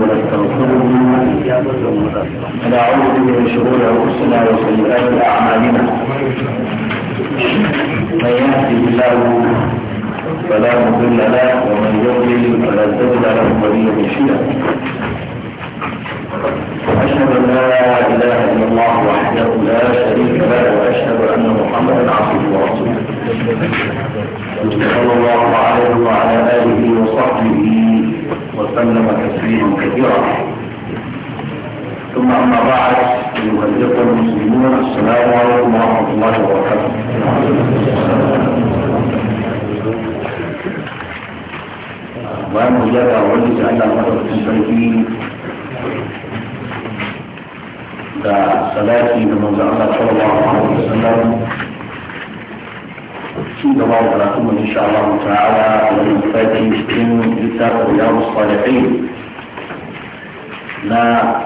ونستغفره ونعوذ من شرور انفسنا وسيئات اعمالنا من يهده الله فلا مضل له ومن يضلل فلا تجد له وليا مرشدا واشهد ان لا اله الا الله وحده لا شريك له واشهد ان محمدا عبده ورسوله صلى الله عليه وعلى اله وصحبه وسلم تسليما كثيرا ثم اما بعد يبلغ المسلمون السلام عليكم ورحمه الله وبركاته وأنا مجدد أولي سألنا المدرسة الشريفين دا صلاتي من منزعنا صلى الله عليه وسلم في دمار لكم إن شاء الله تعالى ومن فاتي مسكين كتاب رياض الصالحين لا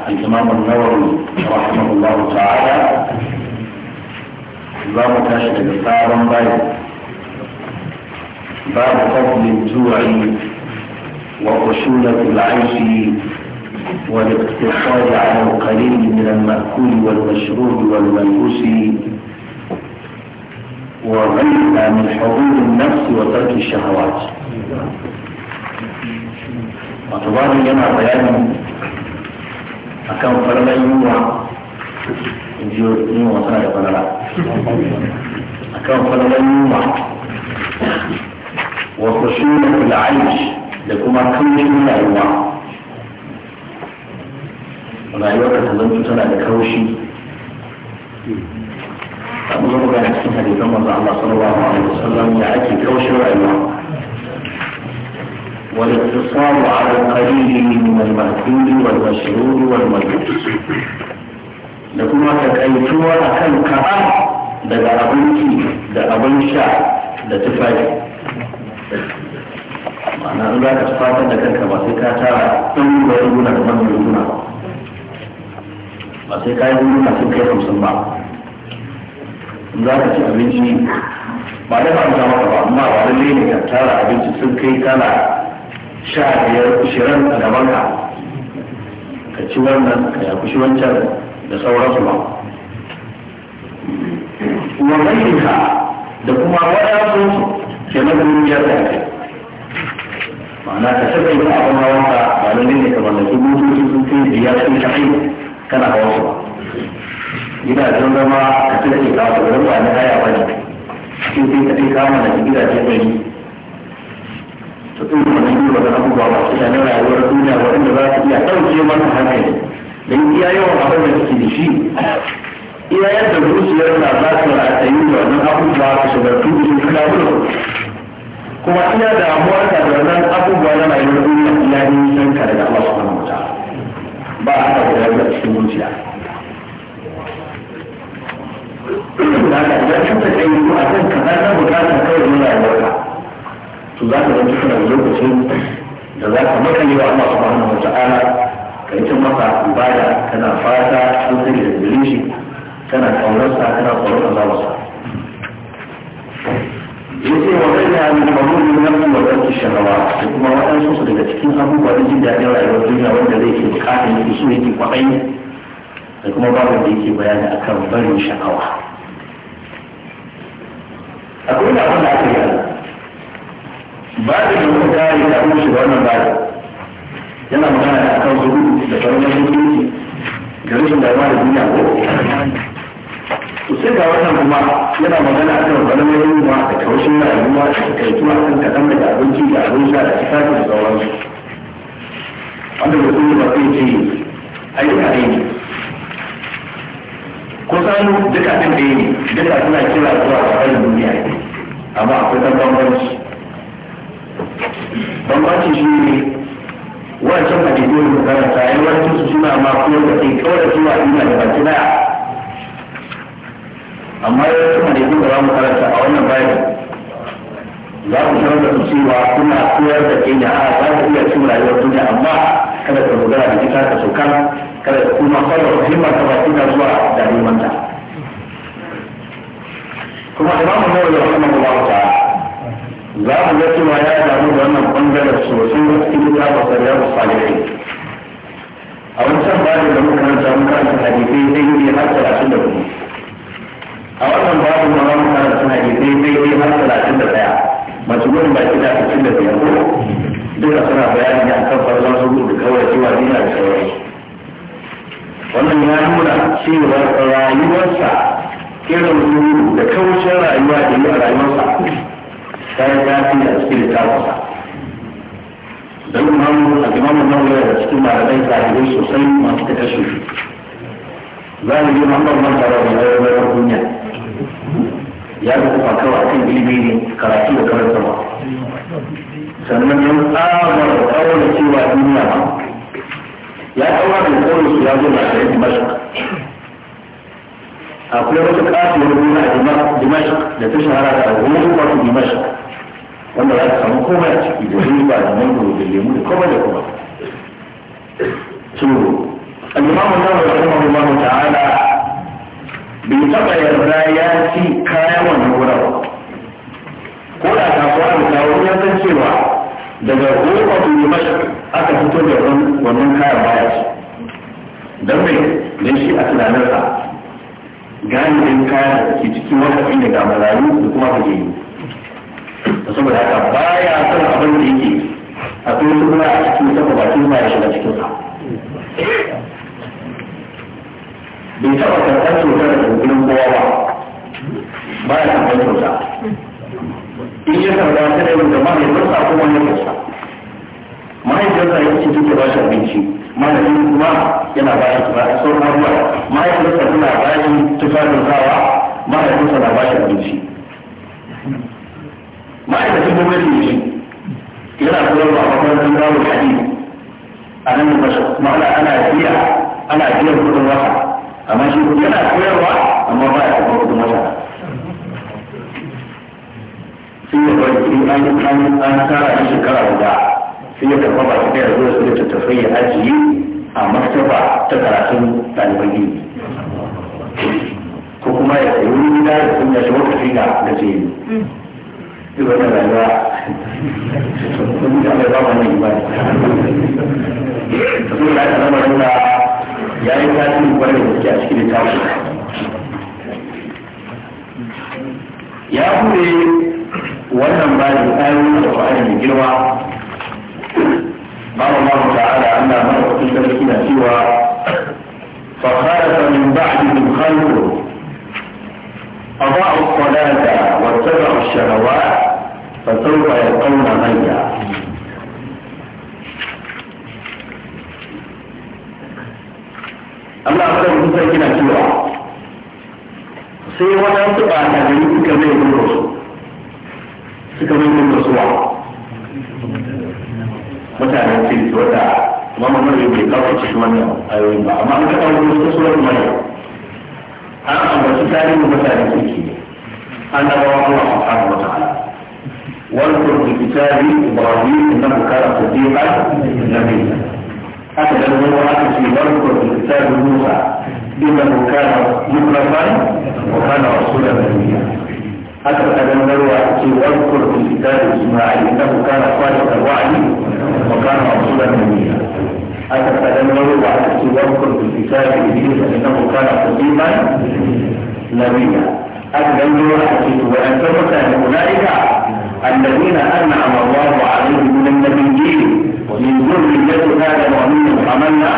الإمام النووي رحمه الله تعالى باب تشهد كتابا بيت باب فضل الجوع وخشونة العيش والاقتصاد على القليل من المأكول والمشروب والملبوس وغيرها من حضور النفس وترك الشهوات وطبعا لنا بيان أكام فرلا يوا جيو يوا فلما يقول وخشونة العيش لكما كوش من أيوا ونأيوا كتظن تتنى لكوشي صلى الله عليه وسلم يعكي كوشر المرأة والاقتصار على القليل من المهدود والمشهود والمجوس لكما تكيتوا أكل كبار دقى أبنتي دقى أبنشا لتفاجئ معنى الله تفاتا دقى كباسكا ترى ثم يقولون كمان يقولون ما سيكا يقولون ما سيكا يقولون za ka ci abinci ba da fahimta maka ba amma ba lalle ne ka tara abinci sun kai kana sha biyar ishirin a gaban ka ka ci wannan ka ya kushi wancan da sauransu ba wa ka da kuma waɗansu ke na kungiyar da ke ma'ana ka saka yi abin hawan ka ba lalle ne ka da su sun kai biyar sun kai kana hawan su ba gidajen zama a cikin da kawo da ba na haya ba ne cikin sai ka sai kama da gidajen gari to tun da yi wata abubuwa ba su da na rayuwar duniya waɗanda za su iya ɗauke mana hankali don iya yawan abin da suke da shi iya yadda zuciyar na za su ratayi da wannan abubuwa su shagartu da su kawo kuma ina damuwa da wannan abubuwa na rayuwar duniya iya nisan ka daga Allah subhanahu wa ta'ala ba a da cikin zuciya da ka ya cuta kai ko a kan kaza na bukata kawai na rayuwarka to za ka zama kana lokacin da za ka makale wa Allah subhanahu wa ta'ala kai ta masa ibada kana fata ko kai da gare shi kana kaunarsa kana tsoron Allah wasa yace wa kana min qawli nafsi wa tarki shahawa kuma su daga cikin abubuwa da jin daɗin rayuwar duniya wanda zai ke bukatar yake so ke kwaɗayi da kuma babin da yake bayani akan barin sha'awa akwai da abin da aka yi babin da muka da kafin shiga wannan babin yana magana da akan zuhu da farin mutunci da rashin damuwa da duniya ko sai ga wannan kuma yana magana a kan wani mai yunwa da kaushin rayuwa da takaituwa kan kaɗan daga abinci da abin sha da tufafi da sauransu wanda mutum ba zai ce ayyuka ne ko sanu duka ɗin da yi duka suna kira zuwa a kan duniya amma akwai ɗan bambanci bambanci shi ne wancan hadisi da karanta yawancin su suna ma kuma da ke kawai zuwa ina da baki daya amma yawancin kuma da za mu karanta a wannan bayan za ku sanar da su cewa kuna koyar da ke da a za ku iya cin rayuwar duniya amma kada ka dogara da kita ka sokan kuma kawai himmar ta baki ta zuwa da neman kuma imamu nawa ya kuma kuma ta za mu ga cewa ya damu da wannan bangaren sosai da cikin littafin da salihai a wancan babin da muka ranta muka ranta hadisai zai yi har talatin da hudu a wannan babin da muka ranta hadisai zai yi har talatin da daya masu gudun baki da talatin da biyar ko duka suna bayani ne kan farkon su da kawai cewa dina da sauransu wannan ya nuna cewa rayuwarsa irin su da kaushin rayuwa da yi a rayuwarsa ta yi tafi a cikin littafinsa don imamu a imamu nan wani da cikin malamai tarihi sosai masu ta kashe shi za mu yi mamban manta da wani rayuwar duniya ya rufa kawai a kan ilimi ne karatu da karantarwa sannan yan tsawon da cewa duniya ba ya ɗaura da kowai su ya zo na da dimashi akwai wata kafin gona a dimashi da ta shahara da agogo wato dimashi wanda ya samu komai a ciki da riba da mangoro da lemu da komai da kuma to al-imam an-nawawi rahimahullahu ta'ala bai taɓa yarda ya ci kayan wannan wurin ko da kasuwa da kawo ya san cewa daga ruwa ne mashi aka fito da wannan kayan baya ce don mai ne shi a tunaninsa galibin kayan da ke cikin wakafi ne ga malayu da kuma yi da saboda haka baya son abin da yake a kuma kuma a cikin saka bakin ba ya shiga cikinsa bai taɓa karɓar cutar da gurin kowa ba ba ya karɓar cuta in ya karba ta da yau da mahaifinsa ko mahaifinsa mahaifinsa ya ce duka bashi abinci mahaifin kuma yana bayan sauran abubuwa mahaifinsa tana bayan tufafin sawa mahaifinsa na bashi abinci ma'aikacin gwamnati ne yana koyarwa a makarantar babu hadi a nan da ma'ana ana biya ana biyan kudin wata amma shi yana koyarwa amma ba ya karɓar kudin wata sai ya barci an an an tara shi shekara guda sai ya zuwa su da ya ajiye a maktaba ta karatun ɗaliban ilimi ko kuma ya sayi wani gida da sun yashi wata da ce yi wannan rayuwa sun ba sun ya yi da suke a cikin littafin ya kuma wannan ba da ayoyi da ƙwari da girma ba mu mamu ta'ala Allah mai wakil sarki na cewa fa khalafa min ba'dihim khalqun أضاعوا الصلاة واتبعوا الشهوات فسوف يلقون غيا Allah ta yi kusa kina cewa sai wani su ba ta gani suka mai gudu suka zo min rasuwa mutanen ce su wata amma mun yi bai kawo cikin wannan ayoyin ba amma an wani kawo wasu surar mai an ambaci tarihin mutanen sun ci an dawo Allah subhanahu wa ta'ala واذكر في كتاب ابراهيم انه كان صديقا نبيا هكذا هو في واذكر في كتاب موسى انه كان wa وكان رسولا نبيا حسب أبن في واذكر في الكتاب إسماعيل إنه كان صادق الوعد وكان رسولا نبيا حسب أبن في واذكر في الكتاب إدريس إنه كان قديما نبيا أبن حديث وأن أن أولئك الذين أنعم الله عليهم من النبيين من ذرية آدم ومن حملنا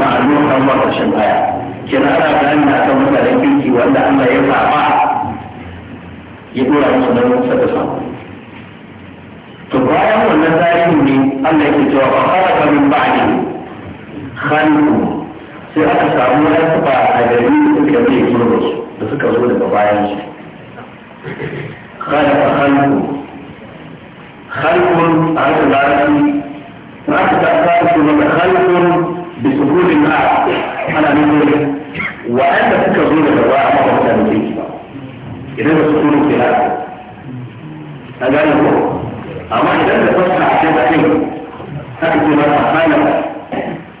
مع نوح الله شبعا كان أرى أن أتمنى لك وأن أن يفعل ya dora musu nauyin sada sako to bayan wannan tarihin ne Allah yake cewa fa khalaqa min ba'di khalqu sai aka samu wasu ba a gari da suka yi gurbin su da suka zo daga bayan su khalaqa khalqu khalqun a haka larabci na aka ta fara su maka khalqun bi sukunin a ana nufin wa'anda suka zo daga baya amma ba mutane ke ba idan da sukunu ke lafi a gane ko amma idan da kwasa a cikin bakin haka ce ba a hana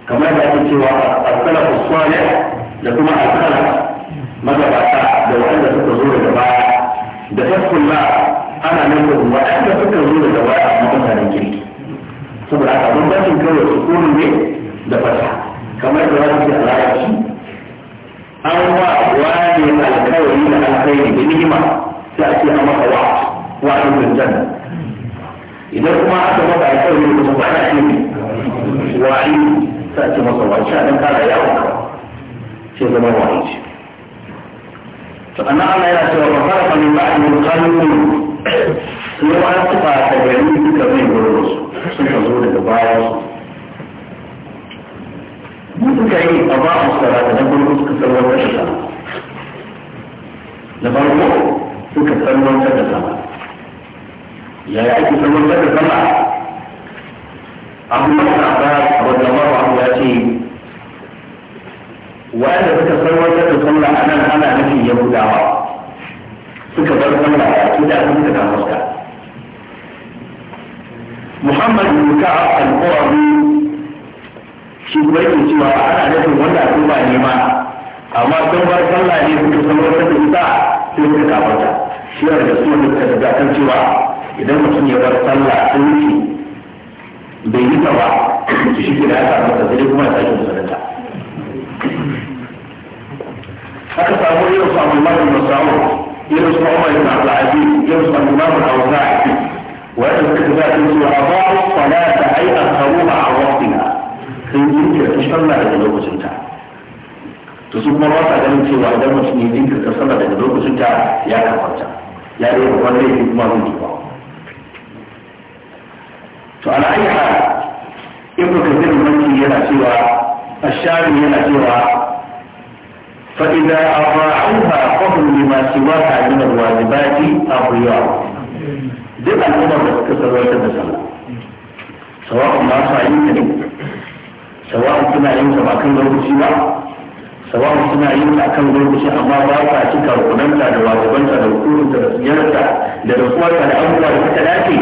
kamar da ake cewa asala uswale da kuma asala magabata da waɗanda suka zo daga baya da ta kula ana nan da waɗanda suka zo daga baya a mutanen kirki saboda haka bambancin kawai kuma ne da fasa kamar da wani ke a larabci an ba wani alkawari da alkhairi da ni'ima sai a ce an masa wa wa'adin zanzan idan kuma aka masa alkawari da kuma ana ce ne wa'i sai a ce masa wa'i shi a dan kara yawon kawa sai zama wa'i ce to ana ana yana cewa ba fara kan ba a yin kalmomi sai wa'an suka ta gari duka zai gurin su suka zo daga bayan su suka yi a ba mu salata na farko suka salwantar da sama na farko suka salwantar da sama yaya ake salwantar da sama abu da na ba a wajen mawa abu ya ce wanda suka salwantar da sallah a nan ana nufin yahudawa suka bar sallah a kida sun suka kama suka محمد بن كعب القرظي shi kuma yake cewa ba ana nufin wanda al'umma ba nema amma don bar sallah ne suka san wata da sai suka kafarta shi yana da suna da suka cewa idan mutum ya bar sallah sun wuce bai yi ta ba shi ke da aka masa sai kuma ya sake musulunta haka samu irin su mafi musamman irin su umar ibn abdulaziz irin su abu mafi hausa wanda suka tafi cewa a ba su salata da a samu a waqtina sun jinkirta sallah daga lokacin ta to su kuma ba ganin cewa idan mutum ya jinkirta sallah daga lokacin ta ya kafarta ya dai babban yake kuma zai ba. to ala ayi hal ibnu kathir manki yana cewa ashari yana cewa fa idza afa'uha fahum lima siwaha min alwajibati abiya duk al'ummar da suka sarwatar da sallah sawa'un ma sa yin ne sawa'un suna yin sa ba ba sawa'un suna yin sa kan lokaci amma ba sa cika rukunanta da wajibanta da hukumunta da siyarta da rasuwarta da abubuwa da suka dace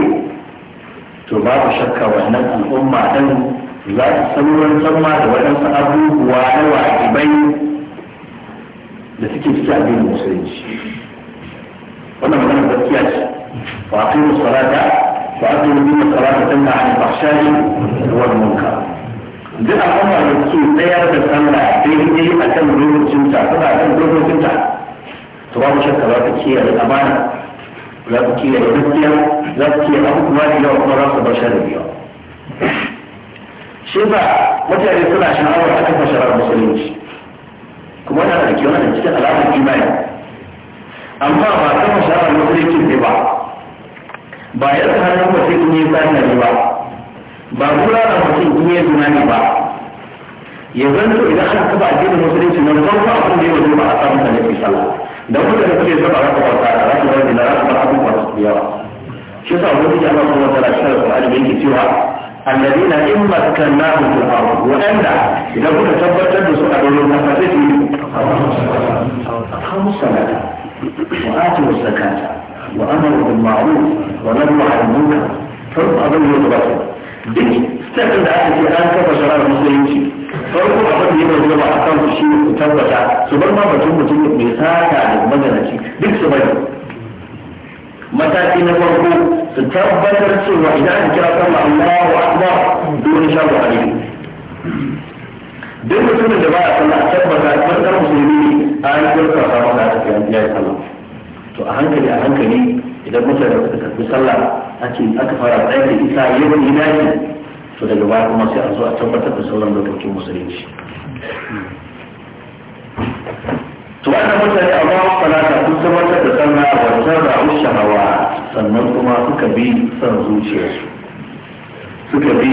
to babu shakka wannan dan za su sama da waɗansu abubuwa na wajibai da suke cikin addinin musulunci wannan magana gaskiya ce wa aqimu salata wa aqimu salata tanha 'anil fahsha'i wal munkar duk al'umma da ke tsayar da sallah daidai a kan lokacinta suna kan lokacinta to mu shakka za ta kiyaye amana za ta kiyaye gaskiya za ta kiyaye abubuwa da yawa kuma za su bar sharar biyu shi ba mutane suna sha'awar a kafa sharar musulunci kuma yana da kyau da cikin alamar imani amma ba kafa sharar musulunci ne ba ba yadda hannun mutum ne tsarin ne ba ba kula da mutum in ya zina ne ba ya zanto idan aka kafa addinin musulunci na farko abin da ya wajen ba a samu da nufi sallah da kuma da kuke saba raka wata da raka wata da raka wata abubuwa su yawa shi yasa wani ya ba kuma tara shi da Qur'ani da yake cewa alladina in makkannahum fil ard wa anda idan kuka tabbatar da su a gurin kasa sai su aqamu salata wa atu zakata wa amaru bil ma'ruf wa nahyu 'anil munkar farko abin da ya tabbata duk sakin da aka ce an kafa shari'ar musulunci farko a da ya bari ba a kan su shi ku tabbata su bar ma batun mutum mai sata da maganaci duk su bari mataki na farko su tabbatar cewa idan aka kira sallah Allahu akbar dole sharu alaihi duk mutumin da ba a sallah tabbata matsar musulmi ne a yi kirkar sa masa ta ya yi sallah to a hankali a hankali idan mutane suka karfi sallah ake aka fara tsaye da isa yawan ina ne to daga baya kuma sai a zo a tabbatar da sauran lokacin musulunci to ana mutane a bawa salata sun tabbatar da sallah a wancan ra'un sannan kuma suka bi son zuciyarsu suka bi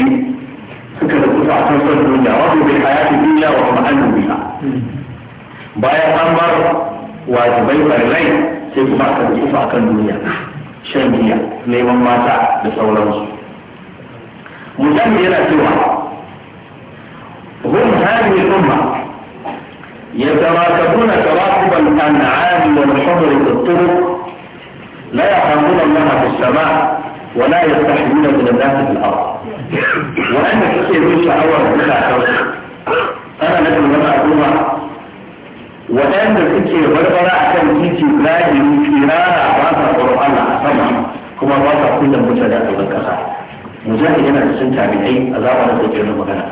suka da kusa a kan son duniya wato bai hayati duniya wa kuma an duniya bayan an bar wajibai farilai sai kuma aka ɗauki su akan duniya shan giya neman mata da sauransu mujahid yana cewa hum hadhihi al-umma يتراكبون تراكب الأنعام والحمر في الطرق لا يحرمون الله في السماء ولا يستحيون من الناس في الأرض وأنا كثير من شعور بلا أنا لكم لما أقولها waɗanda suke barbara a kan titi zahiri firara ba sa tsoron Allah a sama kuma ba sa kullum mutane a gaban ƙasa mujahid yana da sun tabi'ai a zamanin da ke magana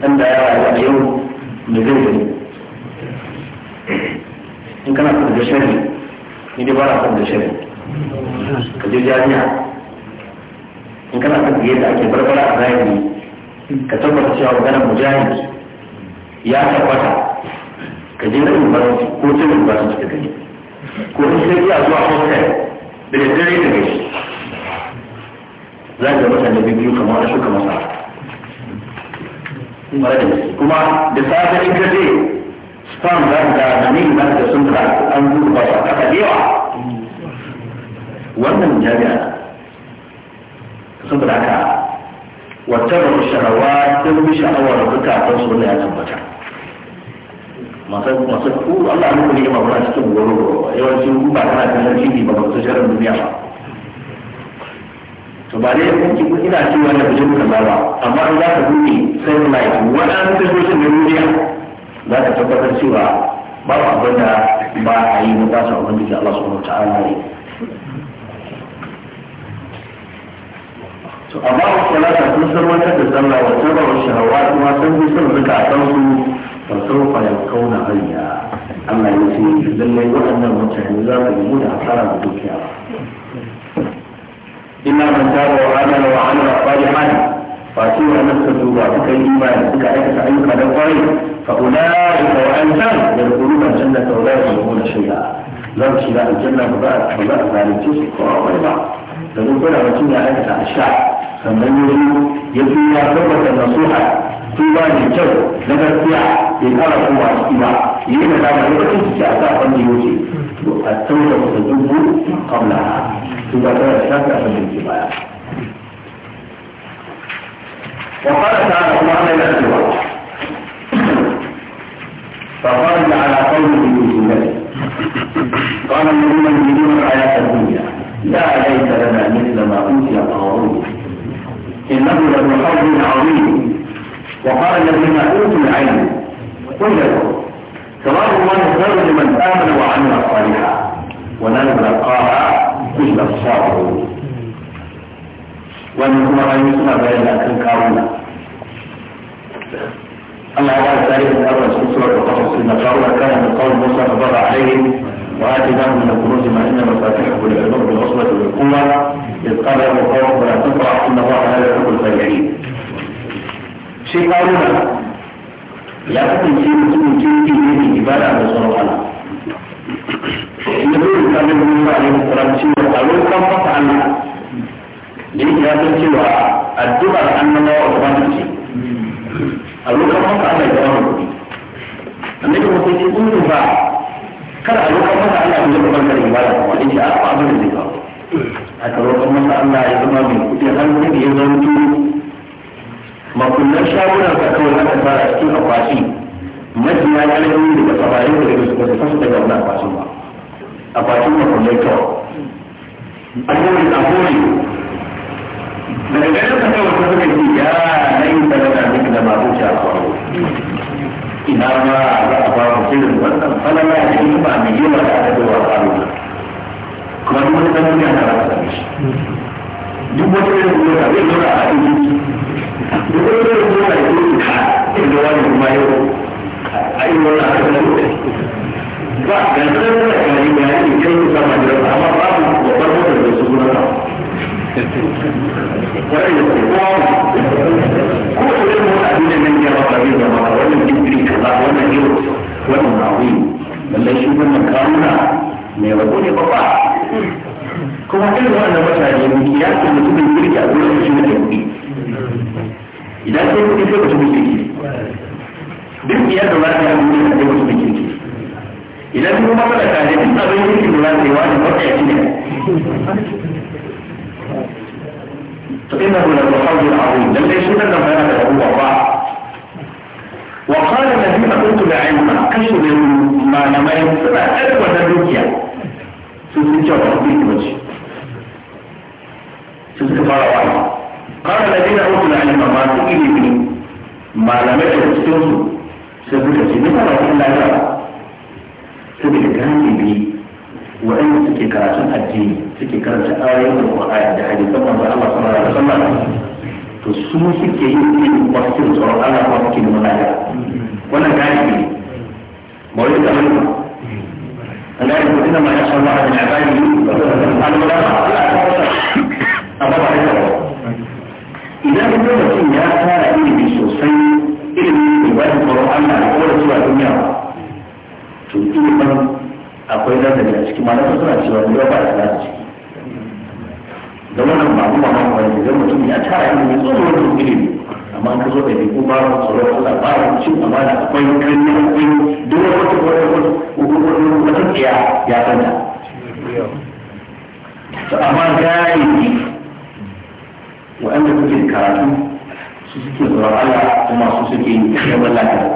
dan da ya rayu a yau me zai gani in kana son da shari ni dai ba na son da shari ka je jami'a in kana son da yadda ake barbara a zahiri ka tabbata cewa maganar mujahid ya tabbata ka je na university ko ta university ka gari. ko ni sai iya zuwa hostel da daddare da gashi za ka masa da bibiyu kamar a shuka masa kuma da safe in ka je spam za ka ga da min za ka sun ka an gudu ba a da yawa wannan jami'a saboda haka wata ba sharawa ta bi sha'awar bukatar su wanda ya tabbata masu masu ku Allah ne kuma yaba ba cikin goro yawanci ku ba kana kallon TV ba ba su duniya ba to ba dai kun kin ina cewa da bijin kaza ba amma in za ka buɗe sai an wadannan tashoshin na duniya za ka tabbatar cewa ba abin da ba a yi na tasa ubangiji Allah subhanahu ta'ala ne to amma wata lata kun san wata da sallah wata ba wa shahawa kuma san bi son zakatan su فسوف يلقون غيا الله يسير لله وأنا متعلزا بالمود أثار الدنيا إلا من تاب وعمل وعمل صالحا فأتوا أن تتوبوا بك الإيمان بك أيك أيك لقائي فأولئك وأنتم يدخلون الجنة ولا يظلمون شيئا لم تشاء الجنة فبعد فبعد ذلك تشكر ويبع لأنه كل ما تشاء أنت أشاء فمن يريد يبي يعتبر النصيحة kowa ne kyau na gaskiya ya kara kowa ciki ba ya yi nadama lokacin su ce a sa wanda ya wuce to a tsaura da dubu kamla to ba tara da shafi a sanin ke baya. وقال تعالى كما قال سوى فخرج على قوله بسنته قال الذين يريدون الحياة الدنيا لا ليس لنا مثل ما أوتي قارون إنه لذو حظ عظيم وقال الذين اوتوا العلم ويقول ثواب الله خير لمن امن وعمل صالحا ونلقاها كل الصابر ومن ثم يسمى بين اهل كارونا الله تعالى ذلك الامر في سوره القصص ان كارونا كان من قول موسى فضل عليه واتي لهم من الكنوز ما ان مفاتيحه للعلوم بالعصبه والقوه اذ قال له قوم ولا تقرأ ان الله لا يحب الفرحين sai ƙaruna ya kasance mutumin kirki ne mai ibada da tsoron Allah inda zai rika min musa ne da cewa a roƙon fasa Allah da yake ya san cewa addu'ar annabawa da wani ce a roƙon fasa Allah da wani kuɗi annabi ce ba kar a roƙon fasa Allah da zai barkar ibada kuma da a abin da zai kawo a roƙon masa Allah ya zama mai kuɗi da ya zama makullar shagunan ka kawai aka fara cikin akwati majiya ya yi daga sabayin da daga suka fasa daga wani akwatin ba akwatin makullai kawai an yi wani daga ganin ka kawai suka ce ya na yi sadaka duk da masu a ina ma za a wannan falala ya ce ba mai yawa da aka zo a kwaro kuma duk wani ɗan duniya na shi duk wani irin mota zai zauna a haɗin jiki duk wani irin mota ya a ka inda wani kuma yau a yi wani haɗin na mota ba ga sanar da kari ga yi kai ku sama da rasa amma babu babbar mota da su gura ba kwarai da kowa ko irin mota a duniya nan ba ba zai zama wannan digiri kaza wannan yau wannan ma'awi lallai shi wannan kamuna mai rago ne babba kuma irin wannan mutane ne ya ce mutumin kirki a gurin shi ne kuɗi idan sai kuɗi sai mutumin kirki duk iya da za ta yi gurin sai mutumin kirki idan kuma mana tare duk abin kirki da za ta yi wani mutane ne فإنه للمحاول العظيم لم يشهد أن ما هذا هو الله وقال الذين أوتوا العلم كشف ما لم يسمع ألف ونبيا سوسن جواب في وجهه sun su fara wani kawai da dina uku na alima masu ilimi malamai da cikin su saboda su na ba sun lafiya saboda galibi waɗanda suke karatun addini suke karanta ayoyin da Qur'ani da hadisan manzo Allah sallallahu alaihi wasallam to su suke yin ilimin wasu tsoron Allah kuma suke da malaka wannan galibi wani da wani an gane ko ina ma ya san da galibi ba da Allah amma ba haka ba idan kuma mutum ya fara ilimi sosai ilimi da ba da tsoron Allah da kuma da zuwa duniya ba to ilimin akwai nazari a ciki malamin suna cewa ne ba da ciki da wannan ba kuma ba wani idan mutum ya tara ilimi tsoron mutum ilimi amma ka zo da bi ko ba mu tsoro Allah ba mu cin amana akwai kanni akwai duk wata wata wata wata ya ya fanta to amma waɗanda suke karatu su suke tsoron Allah kuma su suke yawan lafiya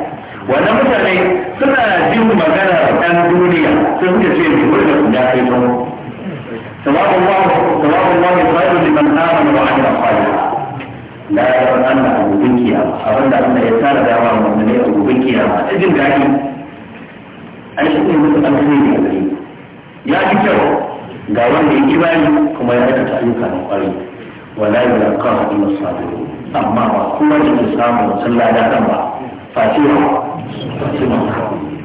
wannan mutane suna jin magana ɗan duniya sai suka ce mai wurin su ya kai tsoron سواء الله سواء الله خير لمن آمن وعمل صالحا لا يرى أن أبو بكر أرد أن يسال دعوة من أبو بكر أجل ذلك an shi ne musu an sai ne ya fi kyau ga wanda ya imani kuma ya aikata ayyuka na kwarai ولا يلقاها إلا الصابرون أما وكما الإسلام وصلى على أمة فاتحة فاتحة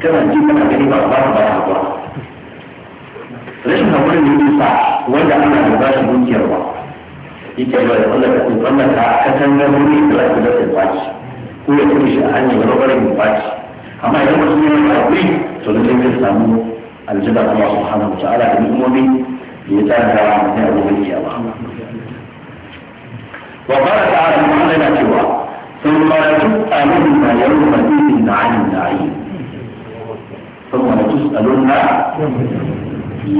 كما جيت أنا بني بأخبار بها أخبار rashin haƙuri ne ke sa wanda ana da ba shi dukiyar ba yake da wanda ka kuma wannan ka katangar wuri da za ku baci ko ya kuma shi a hanyar rabarin ya baci amma idan mutum yana da haƙuri to da zai samu aljibar Allah subhanahu wa ta'ala da ni'imomi da ya tsara da wani abubuwan kiyama wa ba ta ala kuma cewa sun ma tus'alun na yau ma idin na ayin na ayin sun ma tus'alun na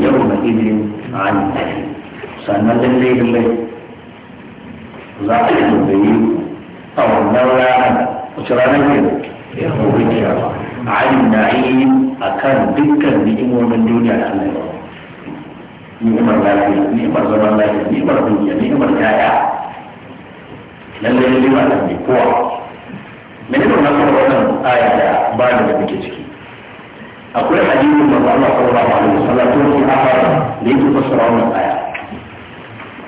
yau ma idin na ayin na ayin sannan lallai lallai za a yi tambayi a wannan ranar wace ranar ke da gobe kiyama ayin a kan dukkan ni'imomin duniya da Allah ya ni'imar lafiya ni'imar zaman lafiya ni'imar dukiya ni'imar yaya lallai ne ba da mai kowa me ne na kuma wannan aya da ba da muke ciki akwai hadisin da Allah sallallahu alaihi wasallam to shi afara da yake fassara wannan aya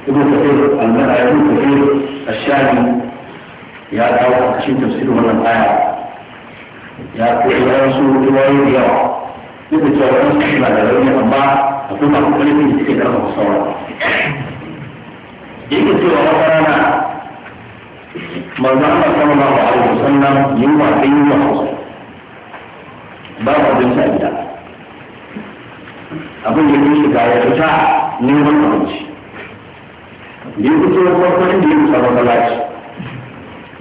ibn kathir al-mara ibn kathir ash-shami ya dawo a cikin tafsirin wannan aya ya koyi wasu riwayoyi da yawa duk da cewa wasu suna da rauni amma akwai masu ƙarfi da suke karfafa sauran yake cewa wata rana manzo Allah sallallahu alaihi wasallam yunwa ta yunwa ba ku abinci a gida abin da ya shiga ya fita neman abinci da ya fito ya farko inda ya musa masallaci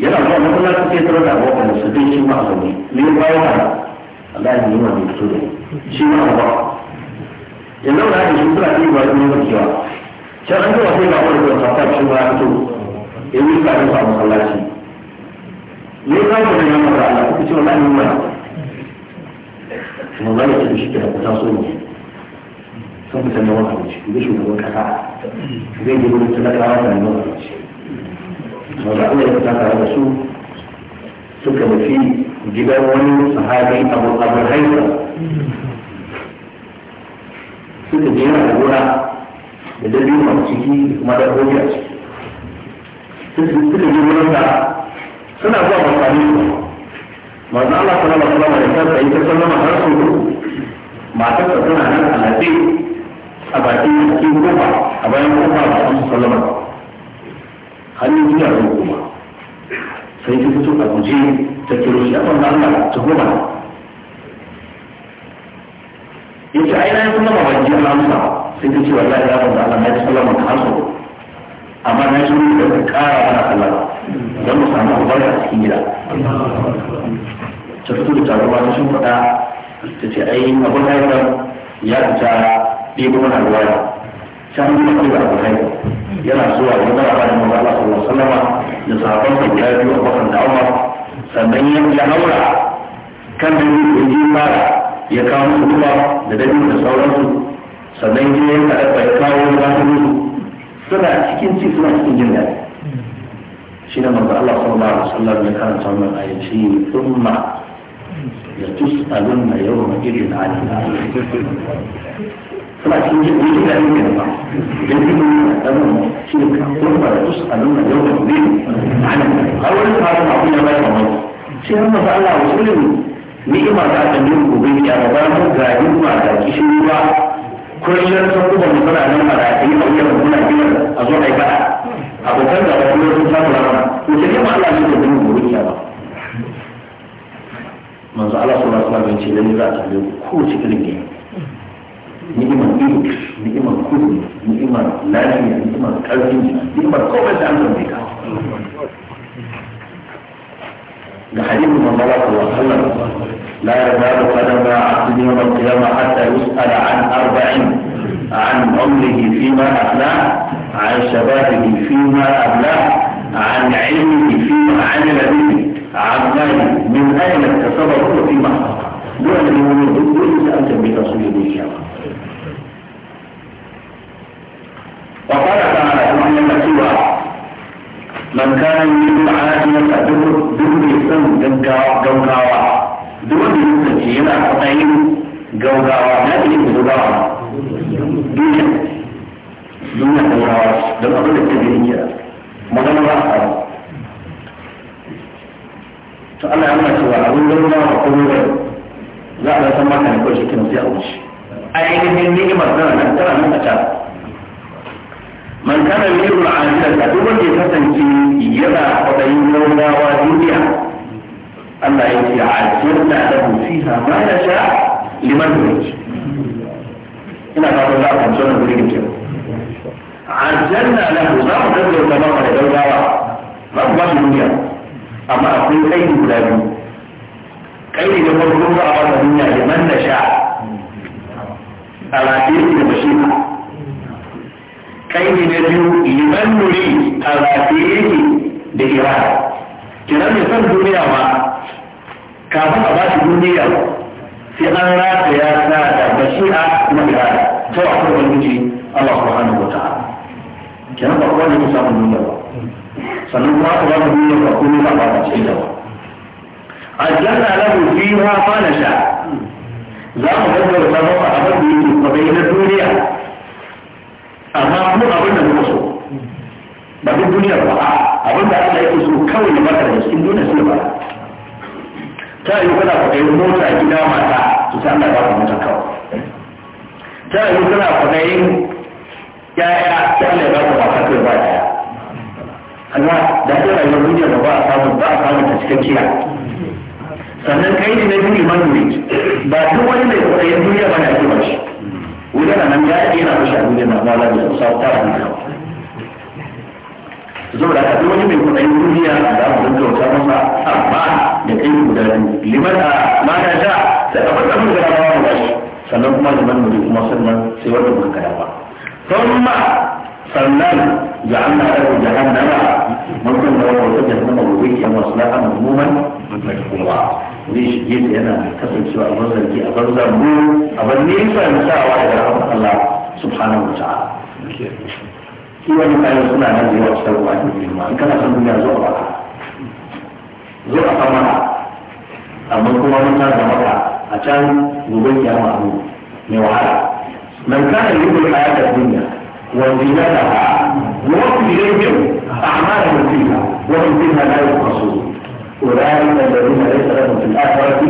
yana zuwa masallaci sai tarar da abokan da su dai shi ma a zaune ne ya bayan hana Allah ya nuna mai fito da shi ma a ba yanzu da ake shi suna ɗin ba su neman kewa can an zuwa sai ga wani da wata shi ma ya fito ya yi ka rufa masallaci ne ka yi wani yamma Allah kuka ce wani yamma kuma ba ya ce shi ke da kuta so ne sun fitar da wani abinci ku ga shugaban kasa zai yi wani talakawa da wani abinci ba za a iya fita da su suka nufi gidan wani sahabi abu abu suka jera da gora da dabino a ciki da kuma a ciki suka je wurin da suna zuwa bakari manzo Allah sallallahu alaihi wasallam ya tsaya ita sallama har su matar ta tana nan a lafi a bakin cikin kofa a bayan kofa ba su sallama hannun duniya sun koma sai ta fito a guje ta kiro shi a manzo Allah ta koma yace ai na yi sallama ban ji amsa sai ta ce wallahi ya manzo Allah na yi sallama har su amma na shi da kara mana Allah don mu samu albarka a cikin gida ta fito da taruwa ta sun fada ta ce ai abun haifar ya fita ɗebo mana ruwaya can kuma ɗebo abu haifar yana zuwa ya zara ba da maza Allah sallallahu alaihi wasallam da sahabban sa ya biyu a bakan da Umar sannan ya haura kan da yi fara ya kawo musu da dabino da sauransu sannan ya yi kaɗa ya kawo da su suna cikin ci suna cikin jin daɗi shi ne manzo Allah sallallahu alaihi wasallam ya karanta wannan ayaci thumma ya tus'alun na yau ma irin ali suna cikin jin daɗi da ne ba idan kuma dan shi ne thumma ya tus'alun na yau ma irin ali a wani fara ma kuma ba ta shi ne manzo Allah sallallahu alaihi wasallam ni'ima da aka nuna gobe ya ba mu ga ga kishin ruwa kullum sun kuma mutuna nan mara a yi ɗauke da mutuna biyar a zo a yi a abokan da wasu yau sun samu rama to sai dai Allah shi da dinin gobe kiyama manzo Allah sallallahu alaihi wasallam ce lalle za a tambaye ku ko cikin ne ni'imar ido ni'imar kudu ni'imar lafiya ni'imar karfi ni'imar komai da an tambaye ka ga hadisin manzo Allah sallallahu alaihi wasallam لا يزال قدم عبد يوم القيامة حتى يسأل عن أربعين عن عمره فيما أبلاه عن شبابه فيما أبلاه عن علمه فيما عمل به عن ماله من أين اكتسب هو فيما حقق دون المؤمنين دون سألتم بتصوير الله وقال تعالى سبحانه سوى من كان يريد العاجلة بالرسم جوكاوة duk wanda ya kasance yana a matsayin gaugawa na iya gaugawa duniya duniya gaugawa don abin da ke gani kira magana ba a to Allah ya nuna cewa abin gaugawa ko gaugawa za a rasa maka ne kawai shi kina sai a wuce ainihin ni'imar tana nan tana nan a can man kana yuridu al-ajila duk wanda ya kasance yana kwadayin gaugawa duniya أما التي عزلنا له فيها ما يشاء لمن يريد هنا قال الله عن سنة مريد عزلنا له لا وجد له تمام على لا ما هو باش الدنيا أما أقول أي ملابي كيف يقول كل أعضاء الدنيا لمن نشاء على تلك المشيطة كيف نجو لمن نريد على تلك الإرادة كنا نسمى الدنيا ما kafin a shi duniya sai an rata ya sa da bashi'a na irada to a kuma ubangiji Allah subhanahu wa ta'ala kenan ba kowa ne ku samun duniya ba sannan kuma aka ba ku duniya ba kuma ba ba ce da ba aljanna lahu fiha ma nasha za mu gaggara ta a abin da yake kwabai na duniya amma mu abin da muka so ba duk duniya ba a abin da Allah yake so kawai ya ba da cikin duniya sai ba ta yi kuna kwaɗayin mota gida mata su san Allah ya baka mota kawai ta yi kuna kwaɗayin ya'ya ta ne ya baka mata kawai ba ya amma da ta rayuwar duniya ba a samu ba a samu ta cikakkiya sannan kai ne na duniya manomi ba duk wani mai kwaɗayin duniya ba na ake ba shi wuri na nan ya yana shi a duniya na ba da ta sa ta rayuwa saboda haka duk wani mai kuɗin duniya da mu gaggauta masa amma da kai guda biyu liman a mata da da kafa samun garawa mu bashi sannan kuma liman mu kuma sannan sai wanda muka kada ba thumma sannan ja'alna lahu jahannama mun kun da wata jahannama gobe ke amma sulaha mazmuman madhkura ne shi ne yana kasancewa a mazarki a banza mu a ban nisa misawa da rahmar Allah subhanahu wa ta'ala يوم ما يصنع هذا هو أكثر واحد من كان أصلا دنيا زرعة زرعة ما أما كل ما كان زرعة أشان نبيك يا نوعها من كان يريد الحياة الدنيا وزينتها يوفي إليهم اعماله فيها وهم فيها لا يقصون أولئك الذين ليس لهم في الآخرة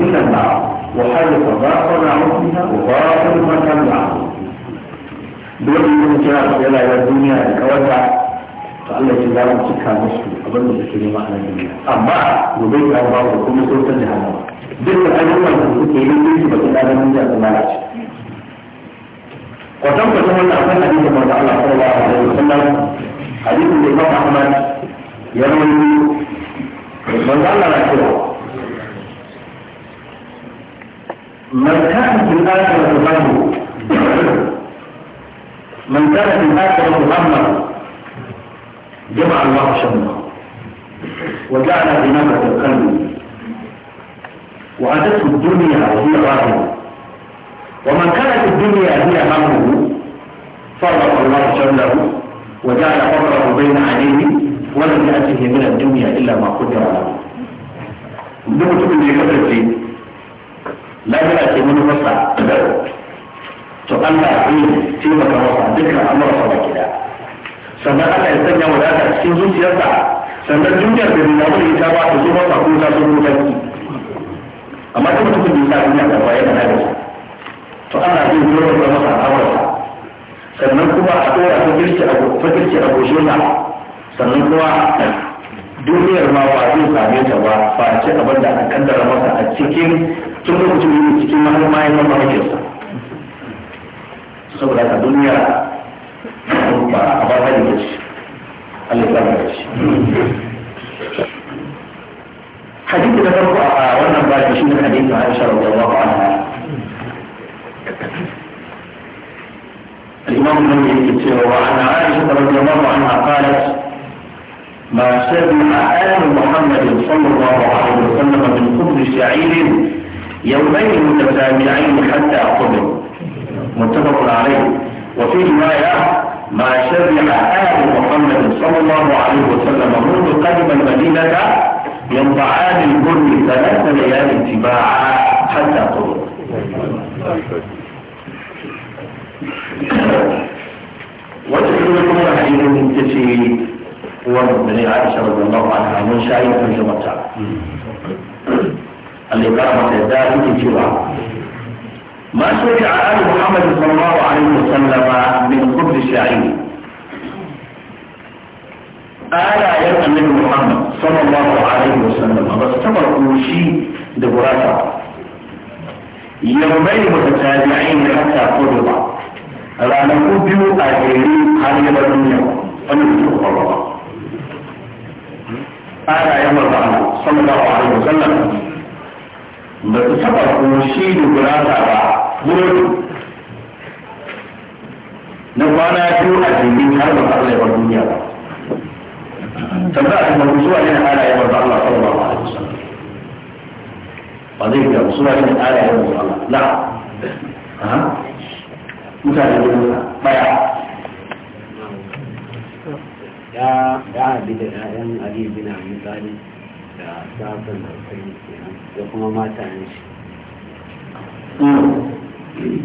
إلا النار وحلف فضاق ما عرفنا وضاق ما كان معهم dole ne kira su da rayuwar duniya da kawarta to Allah ya zama mu ka musu abin da suke nema a duniya amma gobe ya ba ku kuma so ta da hannu dukkan abubuwan da suke yi ne su ba su da mun da su lalace kwatan kwatan wannan akan hadisi da Allah sallallahu alaihi wasallam hadisi da Imam Ahmad ya rawaito manzo Allah na cewa man kana fil akhirati lahu من كانت الآخرة همه جمع الله شمه وجعل دماغه القلب وأتته الدنيا وهي غاية ومن كانت الدنيا هي همه فرق الله شمله وجعل فقره بين عينيه ولم يأته من الدنيا إلا ما قدر له duk mutumin da ya لا يأتي منه مصلحة to Allah ya yi taimaka masa dukkan amurka ba gida sannan Allah ya sanya wadata cikin zuciyarsa sannan duniyar da nuna wani ita ba ta zo masa ko ta zo ko ta ki amma duk mutumin da ya duniya ta baya da nabi to Allah zai taimaka masa amurka sannan kuma a tsora fakirci a fakirci a gojona sannan kuma duniyar ma ba zai same ta ba face abin da aka kaddara masa a cikin tun lokacin da cikin mahimmayin mahaifinsa saboda ka duniya ba a ba ta da shi Allah ya ba shi hadisi na farko a wannan bashi shi ne hadisi Aisha radiyallahu anha الإمام النووي يكتب وعن عائشة رضي الله عنها قالت ما سمع آل محمد صلى الله عليه وسلم من قبل شعير يومين متسامعين حتى قبل متفق عليه وفي رواية ما شرع آل محمد صلى الله عليه وسلم منذ قدم المدينة ينضعان البر ثلاث ليال تباعا حتى قبر وتحرمكم الحديث من بني عائشة رضي الله عنها من شايف من جمعتها اللي قامت الدار في جوعها ما شرع آل محمد صلى الله عليه وسلم من قبل الشعير آل النبي محمد صلى الله عليه وسلم واستمروا شيء دبراته يومين متتابعين حتى قرب لا نقبل أجري حالي الدنيا فنبتو الله آل آيات صلى الله عليه وسلم ba su taɓa kushi da gurasa ba burodi na kwana biyu a jirgin har ba Allah ya bar duniya ba tambaya kuma zuwa ne ala ya bar Allah sallallahu alaihi wasallam ba zai ga zuwa ne ala ya bar Allah la mutane ne baya ya ya bi da ƴaƴan Ali bin Abi Talib da safan da kai kenan da kuma mata ne shi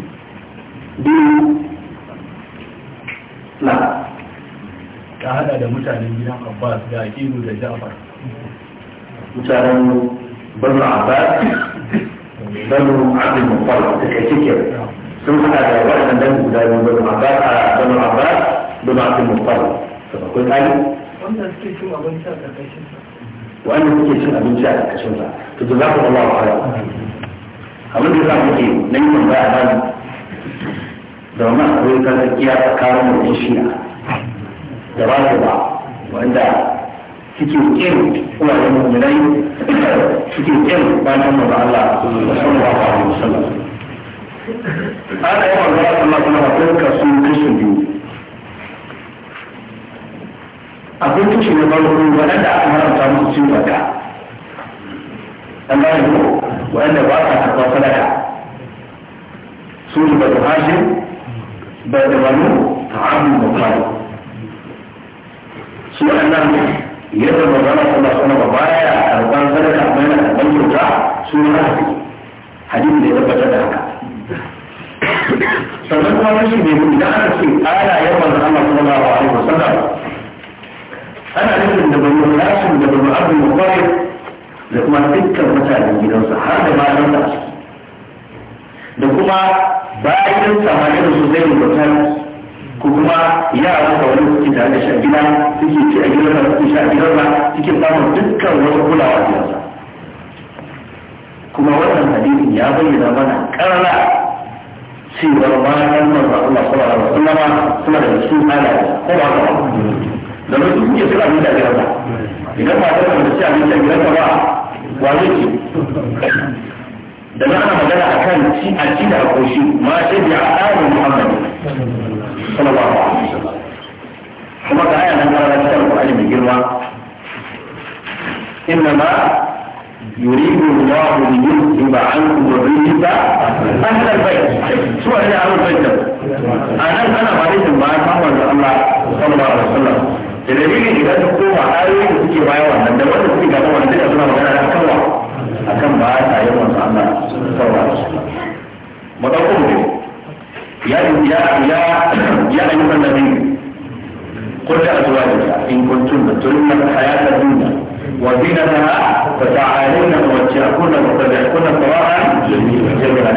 ta hada da mutanen gidan abbas da Akinu da ja'far mutanen banu abbas banu Abin muttalib da ke cikin sun hada da waɗannan dan guda biyu banu abbas a banu abbas banu abdul muttalib da bakwai kali wanda suke cin abinci a ƙarƙashin sa wanda kuke cin abinci a ƙarƙashin sa to da za ku Allah wa ala abin da za mu ke yi yin baya ba da wannan akwai kan tsakiya tsakanin mutum shiya da ba da ba wanda suke kin uwayen mummunai suke kin bayan mu da Allah sallallahu alaihi wasallam ana yawan zama Allah kuma akwai kasu kasu biyu abinci shi ne farko waɗanda aka haramta musu cin zakka an gane ko waɗanda ba sa karɓar sadaka su ne ba hashe ba da wani ta'amu da kwari su waɗannan yadda magana kuma suna ba baya a karɓar sadaka ba yana karɓar kyauta su ne hasbi hadin da ya tabbatar da haka sannan kuma rashin bai idan aka ce ala yawan Allah sallallahu alaihi wasallam ana nufin da banu lasin da banu abin mubarak da kuma dukkan mutanen gidansa har da matan da da kuma bayan samanin su zai rubuta ku kuma ya da wani suke tare da shan gida suke ci a gidan gidansa suke sha gidansa suke samun dukkan wasu kulawa gidansa kuma wannan hadisin ya bayyana mana karara cewa bayan nan Allah sallallahu alaihi wasallam suna da su ala ko ba domin su kuke suna nuna girma idan ba ta kamar ci abinci girma ba wane ce da na ana magana a kan ci a ci da hakoshi ma ce bi a tsarin muhammadu sallallahu alaihi wasallam kuma ga aya nan karara cikin alƙur'ani mai girma إنما يريد الله ليذهب عنكم الرجس أهل البيت شو أنا أهل البيت أنا أنا بعدين ما أفهم الله صلى الله عليه وسلم da dalilin idan ta koma ayoyi da suke baya wannan da wanda suke gaba wannan duka suna magana a kan wa a kan ba ta yi wasu Allah saurara su mu ɗauko mu ya ya ya ya ayyukan nabi قل لأزواجك إن كنتن ترمن الحياة الدنيا وزينتها فتعالون ووجهكن وتبعكن صراحا جميلا جميلا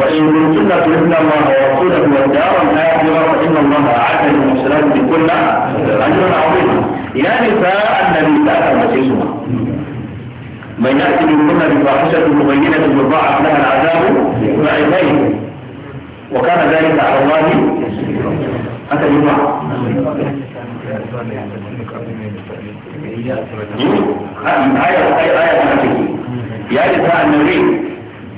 وإن كنتن تردن الله ورسوله والدار الآخرة فإن الله أعد للمحسنات بكل أجر عظيما يا نساء النبي تعالى مسيحهما من يأتي منكن بفاحشة مبينة يضاعف لها العذاب ضعفين وكان ذلك على الله أتى بالمعروف يا نساء النبي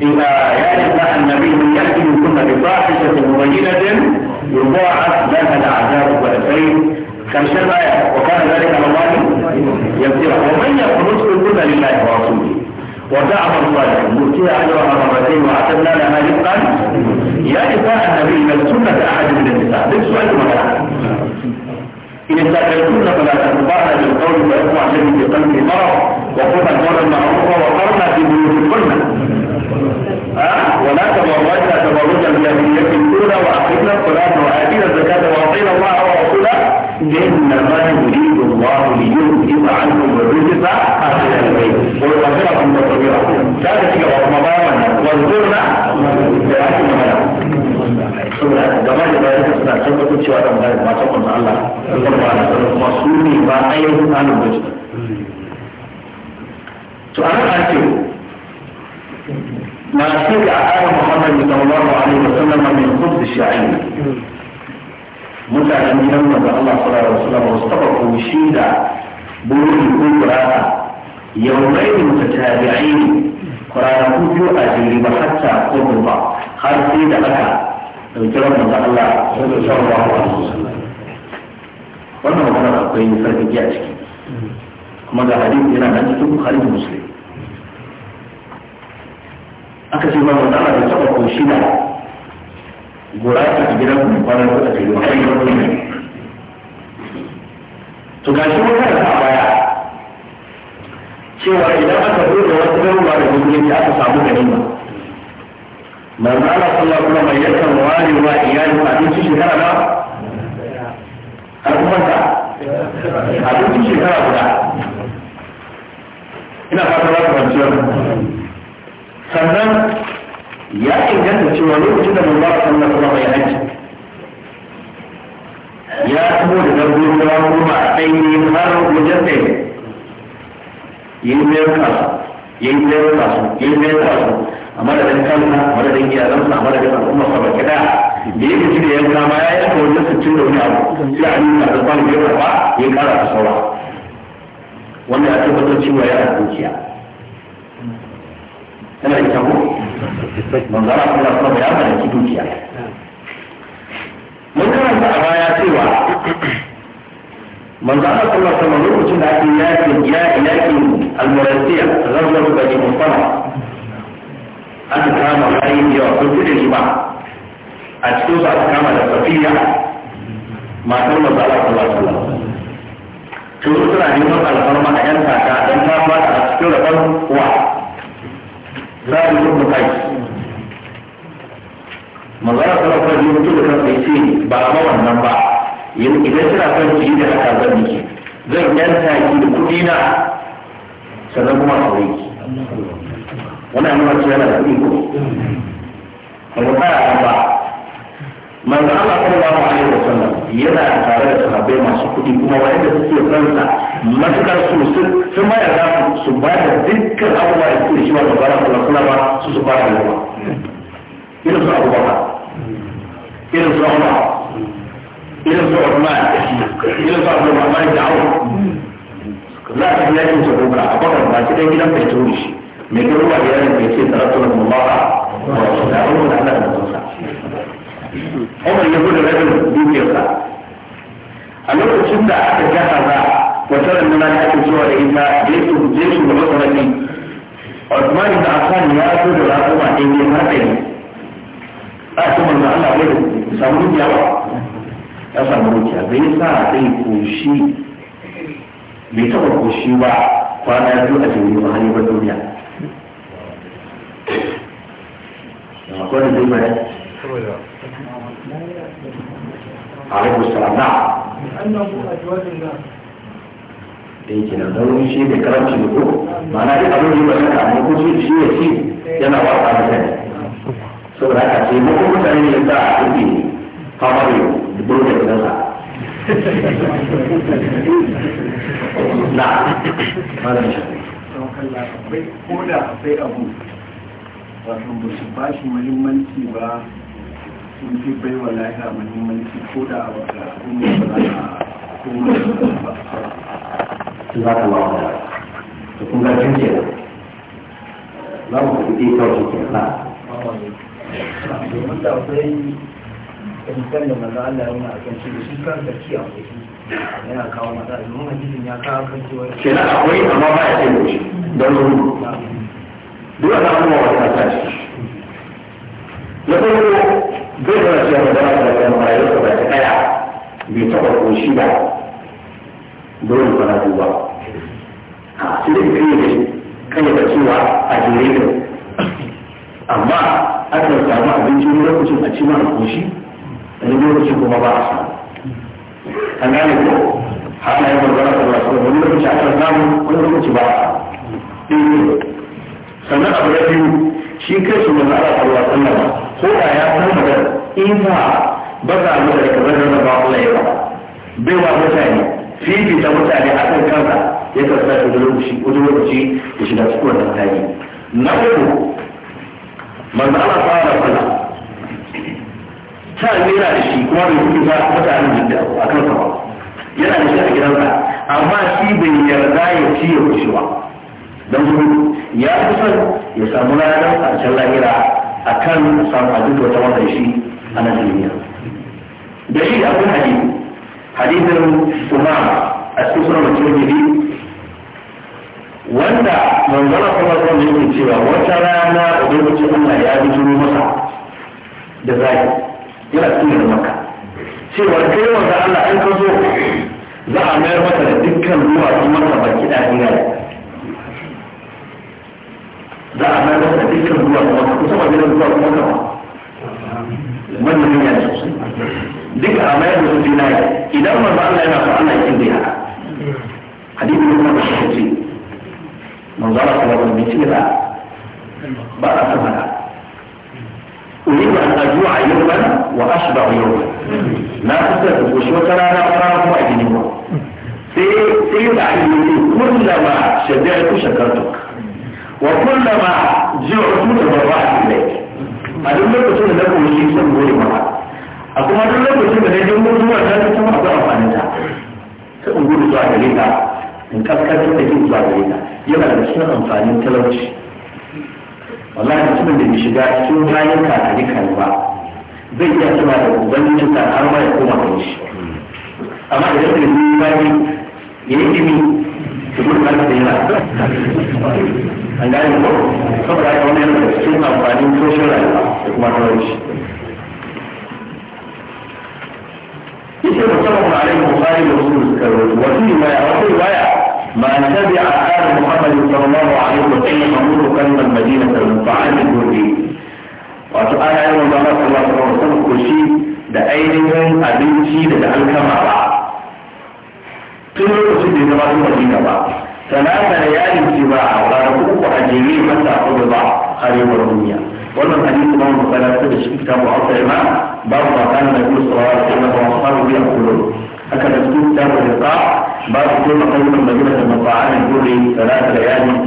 إذا يا نساء النبي من يأتي كن بفاحشة مبينة يضاعف لها العذاب ضعفين خمسة آية وكان ذلك على الله يسيرا ومن يقنط كنا لله ورسوله وتعمل صالحا نؤتيها أجرها مرتين وأعتدنا لها رزقا يا نساء النبي ما السنة أحد من النساء ليس سؤال مكان إذا تأكلون فلا تنضعن للقول فيقوم شيء في قلبي مرض وقوم الدار المعروفة وقرنا في بيوتكن ولا تبرجنا تبرج الجاهلية الأولى وأخذنا الصلاة وآتينا الزكاة وأعطينا الله ورسوله إنما يريد الله ليذهب عنكم الرجس أهل البيت ويغفركم تطهيرا. لا تشكر رمضان واذكرنا بآياتنا Gama da bayan suna tabbatar cewa da mutane ba ta kunta Allah kuma su ne ba ayyukan ahlul bait to an ake ما سمع آل محمد صلى الله عليه وسلم من خبز الشعير mutanen gidan manzo Allah sallallahu alaihi wasallam wasu taba kunshi da buri ko kurata yawmai mutatabi'ain kurana ku biyu a jiri ba hatta ko ba har sai da aka dauki ranar da Allah sun da shan ruwa wa wannan magana akwai sarkaki a ciki kuma ga hadisi yana nan cikin bukhari da muslim aka ce ma wannan da taba koshi da gora ta gidan mu kwanan da ta yi wani wani to gashi wata da ta baya cewa idan aka zo da wata ruwa da musulunci aka samu ba. manzo Allah sallallahu alaihi wasallam yakan ware wa iyali abinci shekara ba har kuma ta abinci shekara guda ina fata za ku fahimci sannan ya inganta cewa lokacin da manzo Allah sallallahu alaihi wasallam ya haji ya tabo da dabbobin kuma a tsaye har wajen tsaye yayi mayar kasu yayi mayar kasu mayar kasu a madadin kansa a madadin iyalansa a madadin al'umma sa baki da ya mutu da yanka ma ya yanka wannan sittin da wani abu sai a da kwanu ya karba ya kara ta saura wanda ya tabbatar cewa ya dukiya tana da kyau manzara kuma kuma ya mallaki dukiya mun karanta a baya cewa manzo Allah sallallahu alaihi wasallam lokacin da ake yakin ya yakin al-Muraysiya ghazwatu Bani Mustaliq aka kama bayan yawa ko kudin shi ba a cikin su aka kama da safiya matar mazala ta ba su to suna neman alfarma a yan kaka don ta ba a cikin rabar kuwa. za a yi mutai a ta ba su mutu da kansa ce ba ma wannan ba idan suna son su yi da haka zan yi zan yanta ki da kudina na sannan kuma a wuri wannan nuna cewa yana da kuɗi ko ba baya an ba manzo Allah sallallahu alaihi wasallam yana tare da sahabbai masu kuɗi kuma wanda suke kansa matukar su sun ma yarda su ba da dukkan abubuwa da suke shi ba da bara sallallahu alaihi wasallam su su ba da yawa irin su abubakar irin su Umar irin su Uthman irin su da a su a bakar ba ki gidan bai shi mai ruwa da yaron da ce tsaratu na mummawa wasu da abin da ana da mutunsa umar ya gudu rabin dukiyarsa a lokacin da aka gasa za wata rannuna da ake zuwa da ita jesu jesu da masarari Osman da Affan ya zo da raƙuma ɗaya ne har ɗari a ce manzo Allah bai da samu dukiya ba ya samu dukiya bai sa zai koshi bai taɓa koshi ba kwana biyu a jirgin ba har yi ba duniya akwai da jima ne alaikum salam na da yake na don shi ne karanci da ko ma'ana da abin yi masu kamar ko shi shi ya ci yana wasa da kai saboda haka ce mu kuma mutane ne za a rufe fama da dubu da gidansa na malam shi ko da akwai abu wato ba su ba shi muhimmanci ba sun fi bai wa lahira muhimmanci ko da a wata kuma ba za a kuma ba su za ka mawa da su kun gajin ke nan za mu kuɗi kawai ke na domin da akwai ɗan da maza Allah yana a kan cikin shi kan sarki a kwaki yana kawo matsala domin hadisin ya kawo kan cewa ke na akwai amma ba ya ce don zuwa duk da kuma wata ta shi ya farko zai fara cewa da ba ta kan bayan ka baki daya bai taɓa shi ba dole ba duba a sai kai ne kai da cewa a jere ne amma akan samu abinci wani lokacin a ci ma a koshi lokacin kuma ba a samu an gane ko yi magana da wasu wani lokaci akan samu wani lokaci ba a samu sannan abu ya biyu shi kai su mun ala sallallahu alaihi wasallam ko da ya san da in ba ba za mu da kamar da ba ku ya ba bai wa mutane fifi ta mutane a kan kansa ya karsa shi lokaci wani lokaci da su da ta yi na uku manzo ala sallallahu alaihi wasallam ta nira da shi kuma bai kuɗi ba da jidda a kansa ba yana da shi a gidansa amma shi bai yarda ya ciye kushewa don gudu ya fi son ya samu ranar a can lahira a kan samu abin wata wata shi a nan duniya da shi abin hadisi hadisin umama a cikin sunan mutum wanda manzana kuma zan yake cewa wata rana a lokacin Allah ya bijiro masa da zai yana cikin da maka cewa kai wanda Allah an ka za a mayar masa da dukkan ruwa sun masa baki ɗaya za a mai da dukkan zuwa da wata kusa ba gidan zuwa kuma kama manyan yana sosai duka a mayar da su dinaya idan manzo Allah yana so Allah ya kinda ya hadisi ne kuma ba shi ce manzo Allah sallallahu alaihi wasallam ya ba a san haka أريد أن أجوع يوما وأشبع يوما لا تستطيع وشوة لا أقرأ وأجنبه سيدعي كلما شجعت شكرتك wa kullama ji'tu da bara'at ilayk a duk lokacin da na koyi san gode maka a kuma duk lokacin da na ji mutuwa ta ta kuma akwai amfanin ta sai in gudu zuwa gare ka in kaskantar da kin zuwa gare ka yana da cikin amfanin talauci wallahi mutumin da bai shiga cikin kayan kakari kan ba zai iya tuna da ubangijin ta har ma ya koma kan shi amma idan da yi bayan ya yi ilimi يقول لك دينا an gane ko saboda haka wani yana da cikin amfanin social life da kuma talauci yake musamman alaihi bukari da musulun suka rubuta wasu riwaya wasu riwaya ما تبع آل محمد صلى الله عليه وسلم أمره كلمة المدينة المفعلة الجردي wato ana yin manzo Allah sallallahu alaihi wasallam ko shi da ainihin abinci da alkama ba tun lokacin da zama zuwa dina ba salata da yayin kiba a ranar uku a jere masa kudu ba karewar duniya wannan hadisi ba mu fara da shi kitabu al-Qur'an babu ba kan da Nabi sallallahu alaihi wasallam wa sahabi ya kullu haka da cikin kitabu al-Qa babu ko makarin da gina da mafa'al dole salata da yayin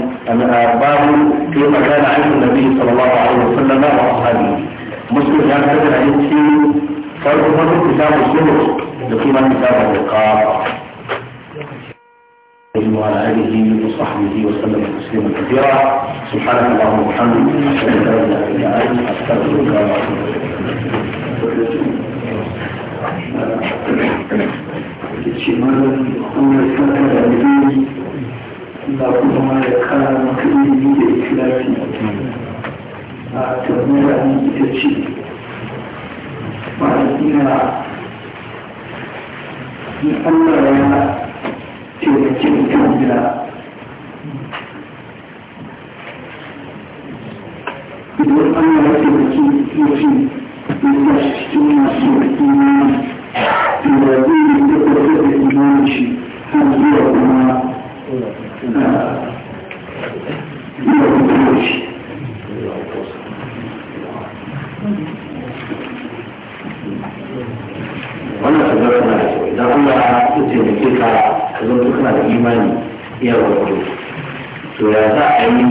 babu ko magana an Nabi sallallahu alaihi wasallam wa sahabi muslim ya kada hadisi farko farko kitabu al-Qur'an da kuma kitabu al-Qa وعلى آله وصحبه وسلم تسليما كثيرا سبحانك اللهم وبحمدك أشهد أن لا إله إلا أنت أستغفرك وأتوب إليك. اللهم taimake mu kan gida idan an yi wata mace mace da shi cikin masu imani da zai yi da ƙarfi da imani shi har zuwa kuma zuwa kuma shi Thank you. wannan sabon kana da kyau idan Allah ya taimake ka ka zanto kana da imani iya wato to ya za a yi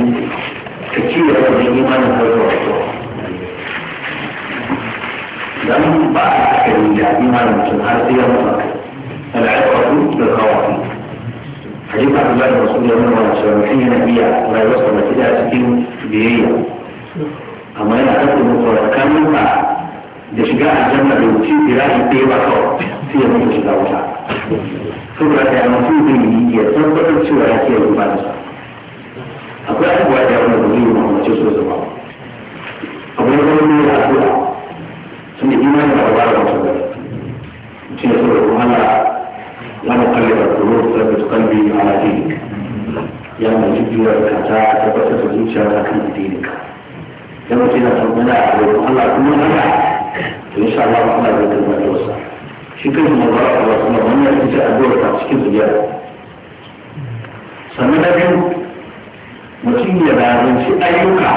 ka ci da wannan imanin har zuwa wato dan ba a kan da imanin mutum har sai ya mutu al'aqatu bil qawafi hadith Abdullah bin Rasul ya nuna cewa shi ne biya rayuwarsa da cikin biyayya amma yana da kuma tsakanin ba. da shiga aljanna da wuce firashi ɗaya ba kawai sai ya mutu shiga wuta saboda da mutum zai yi ya tabbatar cewa ya kiyaye ibadarsa akwai abubuwa da yawa da ba zai yi mamace so da ba akwai wani ne da sun da imani da ba da mutum gari mutum ya saboda kuma Allah la muqalliba qulub thabbit qalbi ala dinik ya mai jujjuwa ka ta tabbatar da zuciya ta kan dininka dan mutum yana tambaya a wurin Allah kuma Allah to insha Allah ba ana da kuma da wasa shi kan kuma ba Allah kuma wannan ita ce addu'a ta cikin zuriya sannan na biyu mutum ya razanci ayyuka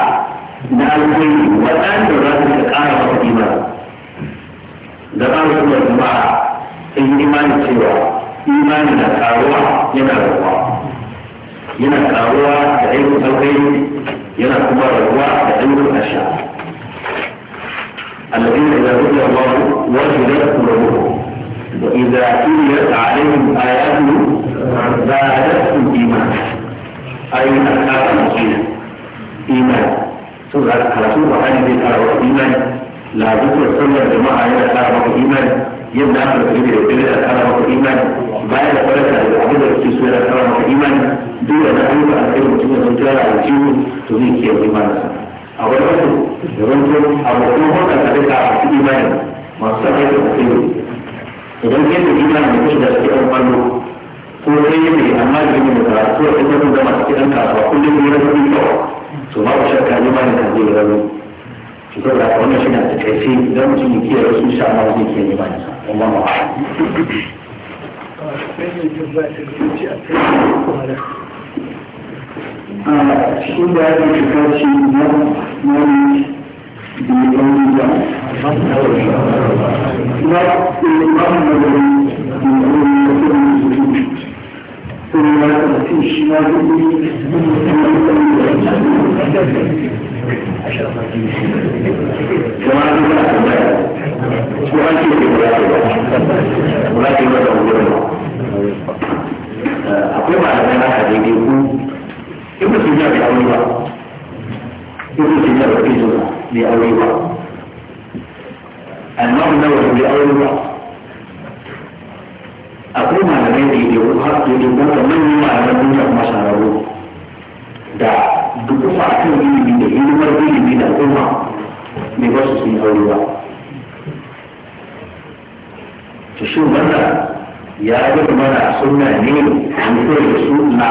na alkhairi waɗanda za su ka ƙara masa imani da ba su kuma zuma sun yi imani cewa imani na ƙaruwa yana rabuwa yana ƙaruwa da ayyukan alkhairi yana kuma rabuwa da ayyukan asha الذين إذا ذكر الله وجدت قلوبهم وإذا تليت عليهم آياته زادتهم إيمانا أي أكثر إيمانا إيمانا سورة على سورة هذه الأربعة إيمانا لا ذكر صلى الجماعة إلى الأربعة إيمانا يبنى أكثر كبير إلى الأربعة إيمانا بعد ذلك العبد السيسوي سورة الأربعة إيمانا دون أن يكون أكثر من تجارة على الجيوب تذيك يوم إيمانا a wajen su da wajen abokan hulɗa da duka a cikin imani masu sa aiki a kai idan kai da imani mutum da suke kwallo ko sai yi mai amma da yi da karatu a cikin sun gama cikin ɗan kasuwa kullum ne na kuɗi kawai ma babu shakka imani kan zai rabu shi ko da wannan shi na ta kai sai mutum ya kiyaye su sha ma zai ma imani sa ma ma'a. a cikin da ake shiga ce na wani da ya ɗan da na ɗan magana da ya ɗan da ثم تمشي ولكن هذا هو أقوم على ما حديثكم ibn taymiya bai aure ba ibn taymiya bai kai zuwa bai aure ba annabi nawawi bai aure ba akwai malamai da ke har da ke kuma manyan malamai duniya kuma shahararru da duk kuma akan ilimi da hidimar ilimi da al'umma bai ba su sun aure ba to shi wannan ya zama mana sunna ne an koyar da su na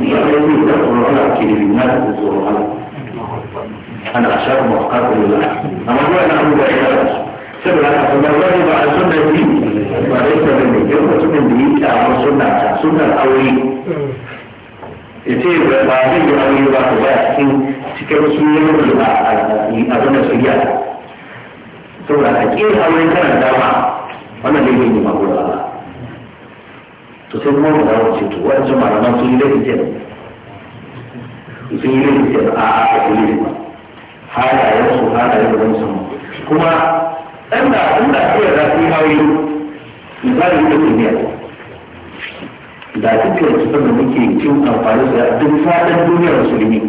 saboda a a a a suna ƙin aure kana dama wannan a yake yi ma gudu ba to sai kuma mu dawo ce to wadancan malaman sun yi laifin mu. sun yi laifin ke da a a kuli ne halayen su halayen da wani sun kuma dan da dan da ke da su yi ba ni da ne da duk da su da muke cin amfani su da duk fadin duniyar musulmi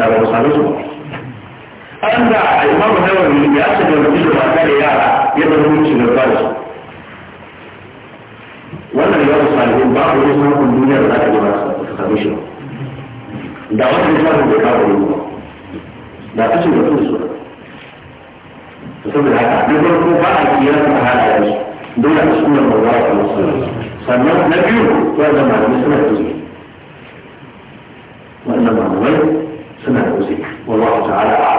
da ba su sami su ba an da imamu nawawi ya ce da mutum da ta da yara ya zama mutum da ba su wannan yawon salihin ba a wani samun duniya da za ka jira su sami shi da wani samun da kawo yi ba da ta ce da su su saboda haka na farko ba a kiyar su a halayen su dole a sunan mawa a kuma su sannan na biyu da malamai suna da wannan wanda malamai suna da wani wallahu ta'ala a'a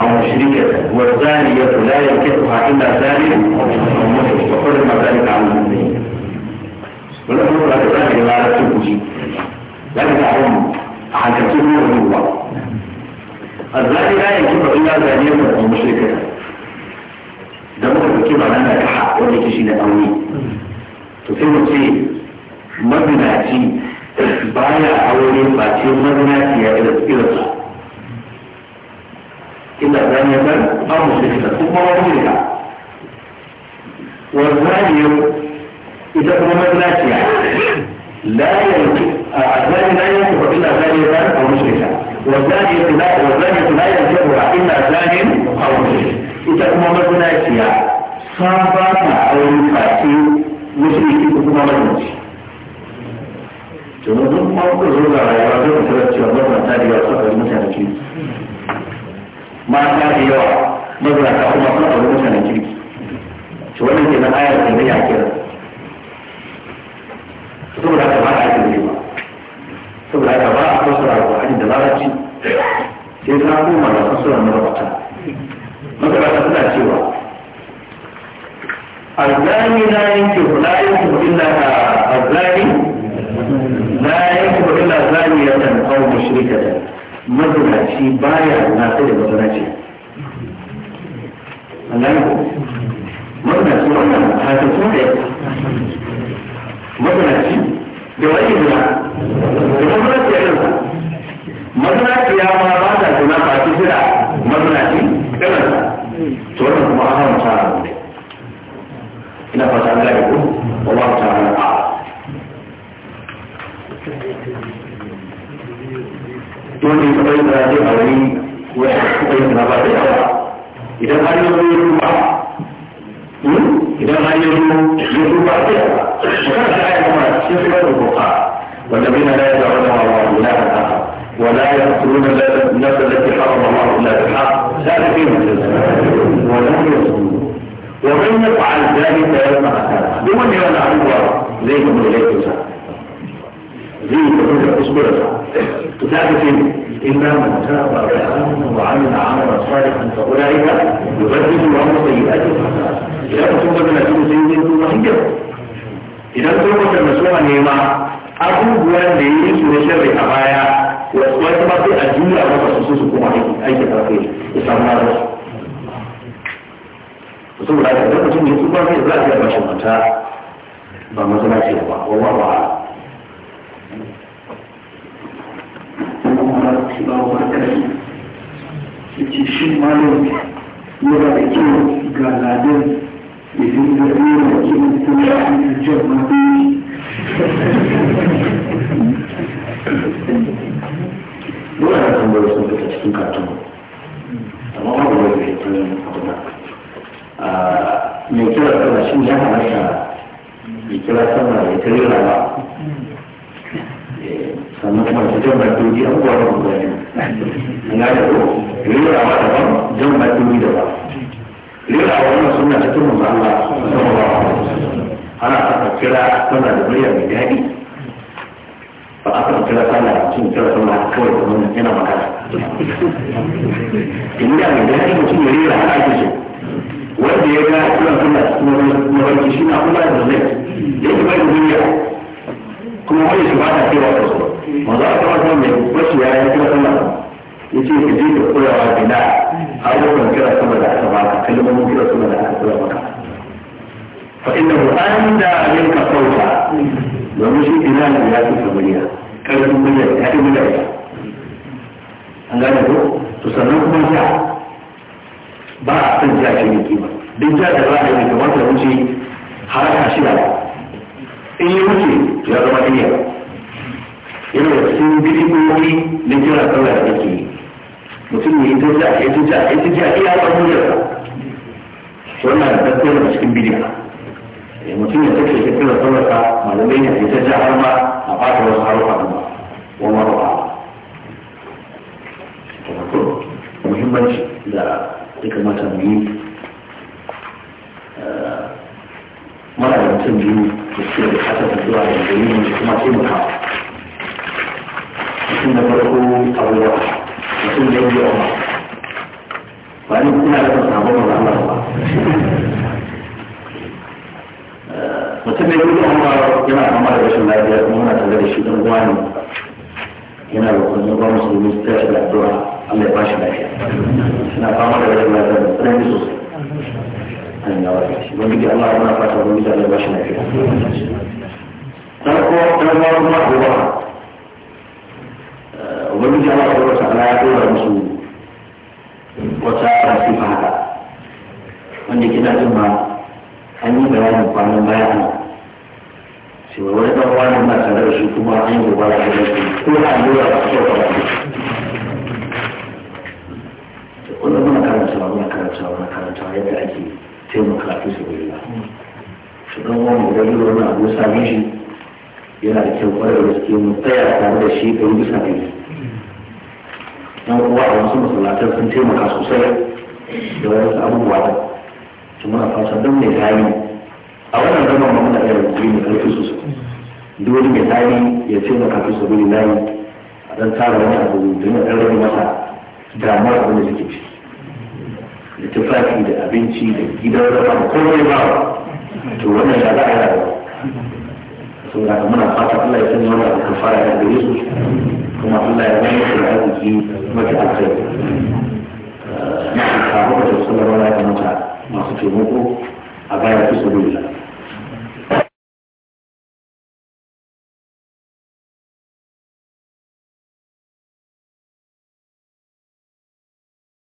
أو مشركة والثانية لا ينكحها إلا ثاني وقل ما ذلك عن المؤمنين والأمور لا تزال لا تزوج لا تتعلم عن كثير من الله الزاني لا ينكح إلا ثانية أو مشركة ده ممكن تكتب على أنك حق ولا شيء نقوي تفهم شيء مبنى شيء بايع أولين باتين مبنى شيء إلى إلى إلا ثانية أو مشركة ثم رجلها والزاني إذا كان ناسيا لا يلقي لا يلقي إلا ثانية أو مشركة والزانية لا والزانية لا يلقيها إلا ثانية أو مشركة إذا كان ناسيا صابت أو يفاتي مشركي ثم مجنسي domin duk mawakon zuwa rayuwa zai mutu da cewa mabanta da mata da yawa mazurata kuma suna da kuma kuma to wannan kuma kuma kuma kuma kuma kuma saboda haka ba a yi ba saboda haka ba a fassara alƙur'ani da larabci sai ta koma da fassara na rabata mazurata suna cewa الزاني لا ينكح لا ينكح إلا الزاني لا ينكح إلا زانية أو مشركة mazinaci baya na sai da mazinaci Allah ko mazinaci wannan haka so ne mazinaci da wani zina da mazinaci ya yanzu mazinaci ya ma ba ta zina ba ta zira mazinaci ɗanarsa to wannan kuma an haramta ina fata Allah ya ko Allah ta'ala dole ya هذه da zai aure ko إذا هل yi na إذا هل yawa idan har ya zo ya duba idan والذين لا يدعون الله إلا آخر ولا يقتلون الناس التي حرم الله إلا بالحق ذلك الجزاء ولا يظلمون ومن يفعل ذلك يوم القيامة بمن يولى عن الله زي ما إليك zai tafi da kuskurarsa to za ka ce inna man taba wa amana wa amila amalan ba na cikin sai yin tuba ne ma da yi su na sharri a baya wasu ba sai a juya masa su su kuma aiki ta ya samu na rasu sai za a mata ba matsala ce ba ba rahmatullah da barakatuh yace shin malam yana da kyau ga ladan ya dinga rera kiran sallah a cikin jama'a mutum na farko a yawa mutum da yi yawa ba ni kuna da kan samu da ba eh, mutum da yi yana kama da rashin lafiya kuma muna tare da shi dan gwani yana da kwanciyar ba musulmi su tashi da addu'a Allah ya ba lafiya suna fama da rashin lafiya da tsanani sosai an yawa da shi wani da Allah ya fata wani da Allah ya ba shi lafiya. Dan kuma dan kuma kuma ubangiji Allah ya wata ala ya dora musu wata rasifa haka wanda kina jin ma an yi bayanin kwanan baya ana wani dan wani na tare shi kuma an yi gobara da shi ko a lura da shi ko wanda muna karantawa muna karantawa muna karantawa yadda ake taimaka fi su gudu shi dan wani da yi wani abu sami shi yana da kyau kwarar da suke mu tsaya tare da shi ɗan bisa kai yan uwa a wasu masalatar sun taimaka sosai da wasu abubuwa da su muna fasa don mai tari a wannan zama ma muna iya rukuri mai karfi sosai duk wani mai tari ya taimaka fi sabi da layi a ɗan tsara wani abu da ya ɗan rage masa damar abin da suke ci da tufafi da abinci da gidan rafa da komai ba to wannan ya za a yi rayuwa saboda muna fata Allah ya sanya wani abu kafara ya gare su kuma Allah ya zama da arziki mafi alkai eh, na alfahu da sallallahu alaihi wa masu taimako a bayan fi sabilillah